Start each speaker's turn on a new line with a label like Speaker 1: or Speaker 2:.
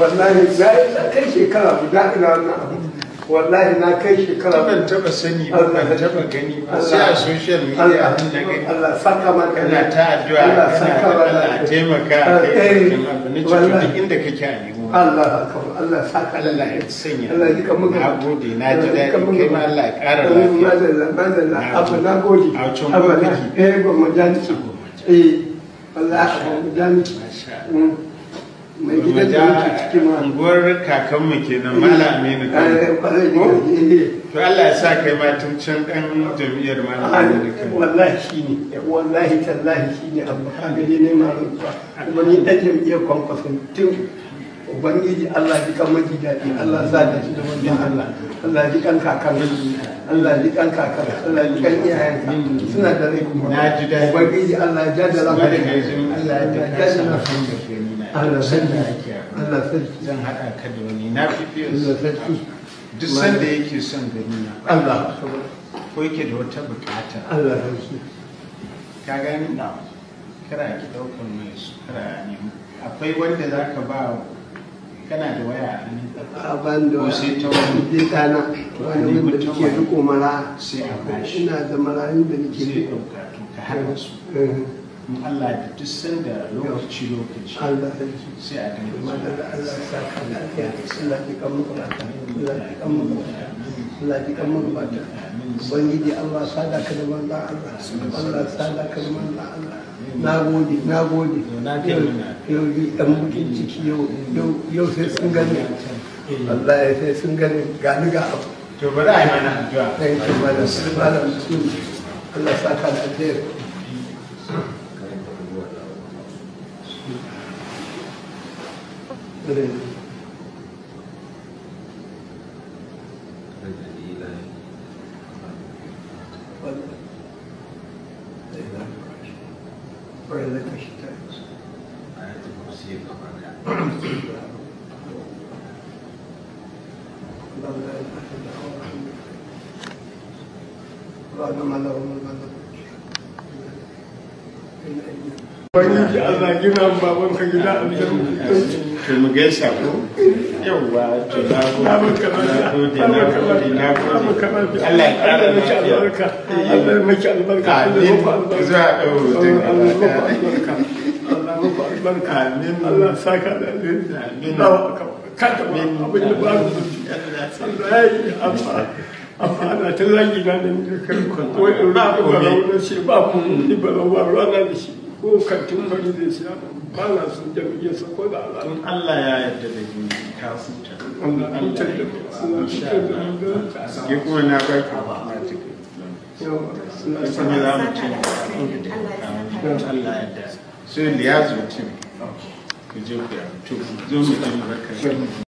Speaker 1: wallahi na yi kai shekara guda ina wannan abu wallahi na kai shekara ban taba sani ba ban taba gani ba sai a social media abin da gani Allah saka maka ina ta addu'a Allah saka maka Allah taimaka kai wallahi duk inda kake a nemo Allah akbar Allah saka Allah ya sanya Allah ya kama na gode na ji daɗi kai ma Allah ya ƙara lafiya madalla abu na gode a cikin eh gwamnati eh wallahi abu gwamnati masha Allah mai gidan da muke ciki ma unguwar kakanmu kenan mala aminu kan eh, to Allah ya sa kai ma tun can dan jami'ar mala aminu kan wallahi shine eh, wallahi tallahi shine abu ka gare ne ma kuma ni dan jami'ar kwankwason tun ubangiji Allah ji kan maji daɗi Allah sa da shi da wajen Allah Allah ji kan kakan Allah ji kan kakan Allah ji kan iyayenka suna da rai kuma na ji daɗi ubangiji Allah ya jaddara Allah ya jaddara Allah sarki Allah sarki zan haɗa ka da wani na fi Allah sarki duk sanda yake son gani na Allah ko yake da wata bukata Allah sarki ka gani na kira ki daukar mai su kira ne akwai wanda ka ba kana da waya a ban da waya sai ta wani wani wanda nake riko mara sai a bashi ina da marayun da nake riko ka su eh, eh. in Allah da duk sanda lokaci lokaci sai a Allah sa ka Allah Allah Allah ubangiji Allah sada ka da manzo Allah Allah na gode na gode yau yi dan ciki yau yau sai sun gane, Allah ya sai sun gani ga abu to bari a mana addu'a thank you malam malam Allah saka da alheri Thank you. see Ubangiji Allah gina baban ka gida a To mu gaisa ko? Yawwa to na gode. Na maka na gode na gode na gode. Allah ya kara lafiya. Allah ya maki albarka. Amin. Zuwa ɗauro din Allah ya albarka. Allah ya maka albarka. Amin. Allah saka da alheri. Amin. Kada ba abin da ba Allah ya yi amfani. ta da shi ko kantin bari zai siya ba na sun jam'iyyar sa ko da Allah tun Allah ya yarda da ni ka huta Allah ya yarda da ni ya kuma na ba ki na ya
Speaker 2: yi za mu ci
Speaker 1: Allah ya yarda sai ku je ku ya zo mu